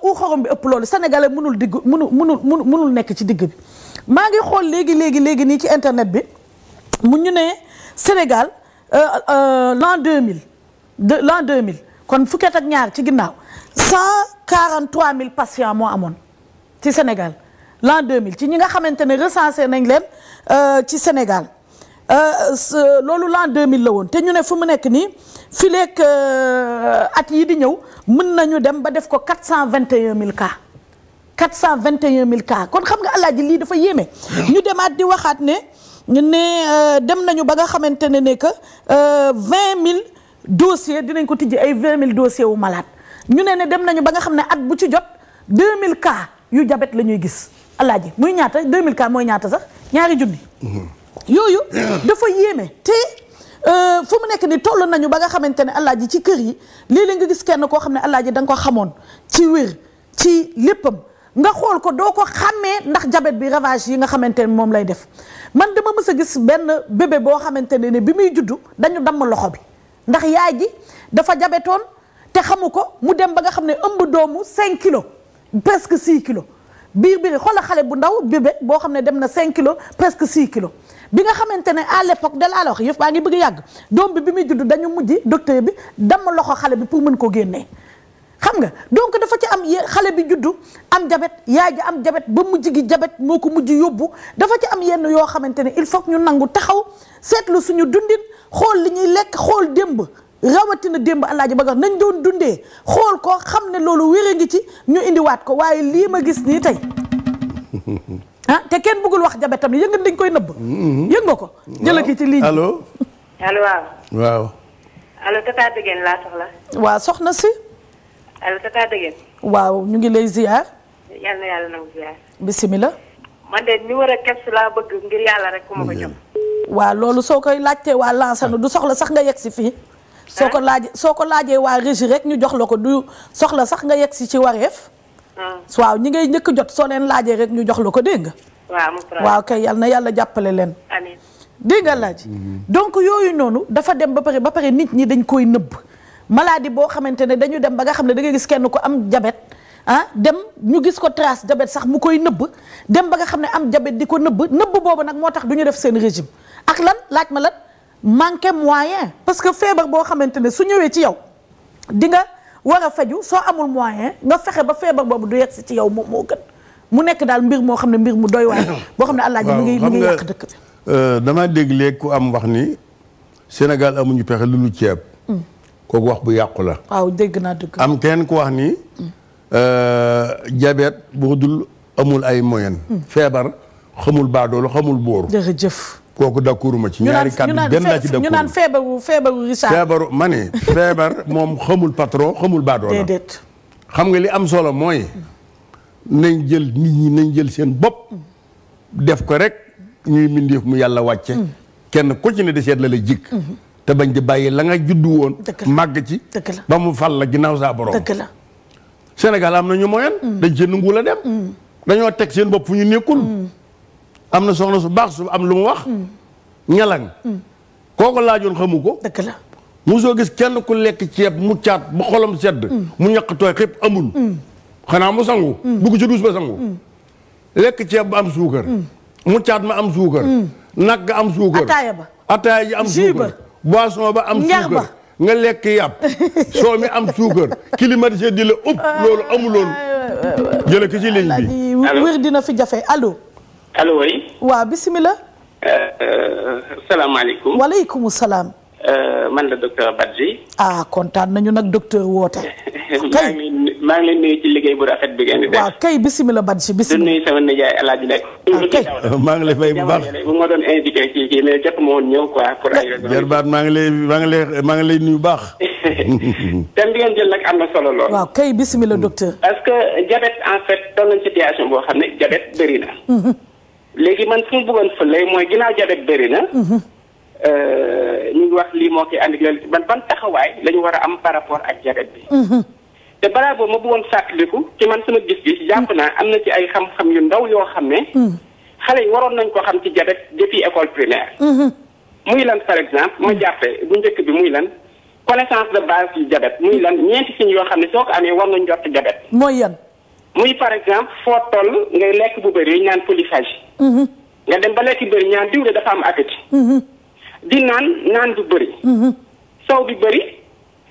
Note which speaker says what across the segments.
Speaker 1: ku xorom bi ëpp loolu sénégalais munul digg munul mënul mënul nekk ci digg bi maa ngi xool léegi léegi léegi nii ci internet bi mu ñu ne Sénégal euh, euh, l'an 2000 de l'an 2000 kon fukki at ak ñaar ci ginnaaw 143000 patients moo amoon ci Sénégal l'an 2000 ci ñi nga xamante ne recensé nañ leen euh, ci Sénégal. Euh, euh, loolu l'an 2000 la woon te ñu ne fu mu nekk nii fileek euh, at yii di ñëw mën nañu dem ba def ko 421 000 cas 421 000 cas kon xam nga alaaji lii dafa yéeme ñu demaat di waxaat ne ne dem nañu ba nga xamante ne ne que 20 000 dossiers dinañ ko tijji ay 20 000 dossiers wu malade ñu ne ne dem nañu ba nga xam ne at bu ci jot mille cas yu jabet la ñuy gis alaaji muy ñaata 2000 cas mooy ñaata sax ñaari junni. Mm-hmm. yooyu dafa yéeme te euh, fu mu nekk ni toll nañu ba nga xamante ne alaaji ci kër yi léeg-léeg nga gis kenn koo xam ne alaaji da danga ko xamoon ci wér ci léppam nga xool ko doo ko xàmmee ndax jabet bi ravage yi nga xamante ne moom lay def man dama mës a gis benn bébé boo xamante ne ne bi muy juddu dañu damm loxo bi ndax yaay ji dafa jabetoon te xamu ko mu dem ba nga xam ne ëmb doomu cinq kilos presque 6 kilos biir bi xoola xale bu ndaw bébé boo xam ne dem na 5 kilos presque 6 kilos bi nga xamante ne à l'époque de la wax yëf baa ngi bëgg yàgg doom bi bi muy judd dañu mujj docteur bi damm loxo xale bi pour mën koo génnee. xam nga donc dafa ci am xale bi juddu am jabet yaay ji am jabet ba mujj gi jabet moo ko mujj yóbbu dafa ci am yenn yoo xamante ne il faut que ñu nangu taxaw seetlu suñu dundin xool li ñuy lekk xool démb rawatina démb alaaji ba nañ doon dundee xool ko xam ne loolu wére ngi ci ñu indiwaat ko waaye lii ma gis nii tey ah te kenn bëggul wax jabe tamit dañ koy nëbb mm-hmm. yëg nga ko jëla ki ci lii allo allo waaw
Speaker 2: waaw
Speaker 3: allo tata dëggeen laa soxla
Speaker 1: waaw soxna ñu ngi lay ziar
Speaker 3: yal na yàlla nangu ziar bismillah man laa bëgg ngir yàlla rek ku ma ko mm-hmm. jox
Speaker 1: waaw loolu soo koy laajtee waa lancé du soxla sax nga yegg si fii soo ko laajee soo ko laajee waa régie rek ñu jox la ko du soxla sax nga yegg si ci wareef. Hmm. waaw ñi ngay njëkk jot soo leen laajee rek ñu jox la ko dégg nga. waaw kay yal na yàlla jàppale leen. amiin dégg nga laaj. Mhm. donc yooyu noonu dafa dem ba pare ba pare nit ñi dañ koy nëbb. maladie boo xamante ne dañu dem ba nga xam ne da ngay gis kenn ko am jabet ah dem ñu gis ko trace jabet sax mu koy nëbb dem ba nga xam ne am jabet di ko nëbb nëbb boobu nag moo tax du ñu def seen régime ak lan laaj ma lan. manqué moyen parce que feebar boo xamante ne su ñëwee ci yow di nga war a faju soo amul moyen nga fexe ba feebar boobu du ci yow moom mu nekk daal mbir moo xam ne mbir mu doy wax boo xam ne àllaaji mi ngi mi
Speaker 2: euh, am wax ni Sénégal amuñu pexe ceeb hmm. kooku wax bu yàqu la
Speaker 1: waaw dégg naa dëgg
Speaker 2: am kenn ku wax ni hmm. euh, diabète boo dul amul ay moyen hmm. feebar xamul baadoolu xamul bóoru kooku d'accord ma ci ñaari kàddu benn laa ci d'accord ñu naan
Speaker 1: feebaru feebaru
Speaker 2: ma ne feebar moom xamul patron xamul baadoola déedéet xam nga li am solo mooy nañ jël nit ñi nañ jël seen bopp def ko rek ñuy mindeef mu yàlla wàcce mm. kenn ku ci ne di seet la la jikk mm-hmm. te bañ di bàyyi la nga juddu woon màgg ci ba mu fal la ginnaaw saa borom dëgg am na ñu moyen mm. dañ seen nangu dem mm. dañoo teg seen bopp fu ñu nekkul am na soxna su baax su am lu mu wax. ñalang. kooko laajoon xamu ko. dëgg soo gis kenn ku lekk ceeb muccaat mu caat sedd. mu ñaq tooy xëpp amul. xanaa mu sangu. dugg ci duus ba sangu. lekk ceeb ba am suukar. muccaat ma am suukar. nag ga am suukar. ataaya ba ataaya ji am suukar. boisson ba am suukar. nga lekk yàpp soo mi am suukar climatisé di la ëpp loolu amuloon jële ki ci ligne bi wér dina fi jafe alo allo oui. waaw
Speaker 1: bisimilah.
Speaker 3: Euh, euh, salaamaaleykum.
Speaker 1: waaleykum salaam.
Speaker 3: Euh, man la docteur Badji.
Speaker 1: ah kontaan nañu nag docteur woote.
Speaker 3: kay maa ngi leen nuyu ci liggéey bu rafet bi ngeen di def. waaw kay bisimilah Badji bisimilah. di nuyu ah,
Speaker 2: maa ngi lay fay bu
Speaker 3: baax ma doon invité ci jot ma woon ñëw quoi. pour ay raisons
Speaker 2: maa ngi lay maa ngi lay maa ngi
Speaker 3: lay nuyu bu baax. thème bi ngeen jël nag am na solo lool. waaw kay bisimilah docteur. parce que diabète en fait doon nañ boo xam ne diabète bëri na. Mhm. léegi man fu mu bëggoon fële mooy ginnaaw jabet bëri na. Mhm. Euh, ñu ngi wax lii moo koy andi ban ban taxawaay lañu war a am par rapport ak jabet bi. Mhm. te balaa boobu ma bëggoon fàttaliku ci man sama gis-gis. jàpp mhm. naa am na ci ay xam-xam yu ndaw yoo xam ne. xale yi waroon nañ ko xam ci jabet depuis école primaire. muy lan par exemple ma jàppee bu njëkk bi muy lan connaissance de base yu jabet muy lan ñeenti signes yoo xam ne soo ko amee war nañ jot jabet. mooy yan. muy par exemple foo toll ngay lekk bu bëri ñu naan polyphagie. Mhm. nga dem ba lekk bëri ñaan diw dafa am appétit. Mhm. di naan naan bu bëri. Mhm. saw bi bëri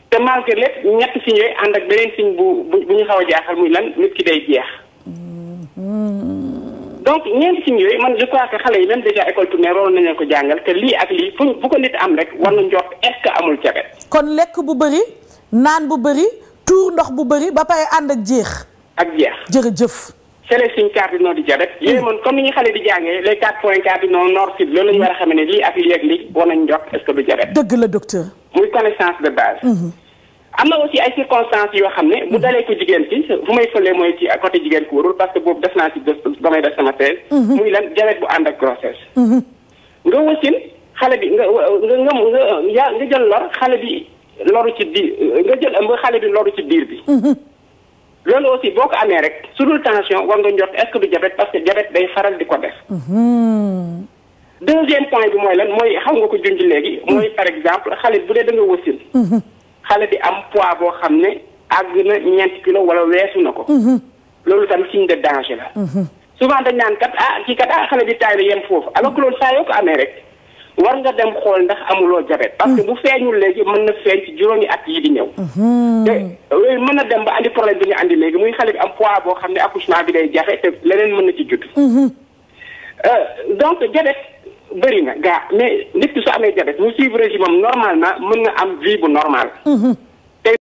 Speaker 3: te malgré lépp ñett si ñooy ànd ak beneen siñ bu bu ñu xaw a jaaxal muy lan nit ki day jeex. donc ñeenti siñ yooyu man je crois que xale yi même déjà école primaire waroon nañu ko jàngal te lii ak lii fu bu ko nit am rek war na njort est-ce que amul jabet. kon lekk bu bëri naan bu bëri tuur ndox bu bëri ba pare ànd ak ak jeex. jërëjëf. sele suñ carte d' identité rek. Mm. yéen man comme ni ñu xale di jàngee les quatre points carte d' identité nord sud loolu la ñu war a xam ne lii ak lii ak dëgg la docteur. muy connaissance de base. Mm-hmm. am na aussi ay circonstances yoo xam ne. bu mm-hmm. dalee ko jigéen ci fu may fëlee mooy ci côté jigéen ku wóorul parce que boobu def naa ci gëstu ba may def sama thèse. Mm-hmm. muy lan diabète bu ànd ak grossesse. nga wasin xale bi nga nga nga nga nga jël lor xale bi loru ci biir nga jël ëmb xale bi loru ci biir bi. loolu aussi boo ko amee rek su dul tension war nga njort est-ce que du diabète parce que diabète day faral di ko def.
Speaker 1: Mhm.
Speaker 3: deuxième point bi mooy lan mooy xam nga ko junj léegi. mooy par exemple xale bu dee da nga wasin. Mhm. xale di am poids boo xam ne àgg na ñeenti kilo wala weesu na ko. Mhm. loolu tam signe de danger la. souvent dañ naan kat ah kii kat ah xale bi taay na yem foofu alors que loolu saa yoo ko amee rek. war nga dem xool ndax amuloo jabet parce que bu feeñul léegi mën na feeñ ci juróomi at yi di ñëw mhm. te yooyu euh, mën na dem ba andi problème bi ñu andi léegi muy xale bi am poids boo xam ne accouchement bi day jafe te leneen mën na ci judd mhm. euh, donc jabet bëri na gaa mais nit ki su amee jabet mu suivre régime am normalement mën na am vie bu normal
Speaker 2: mhm.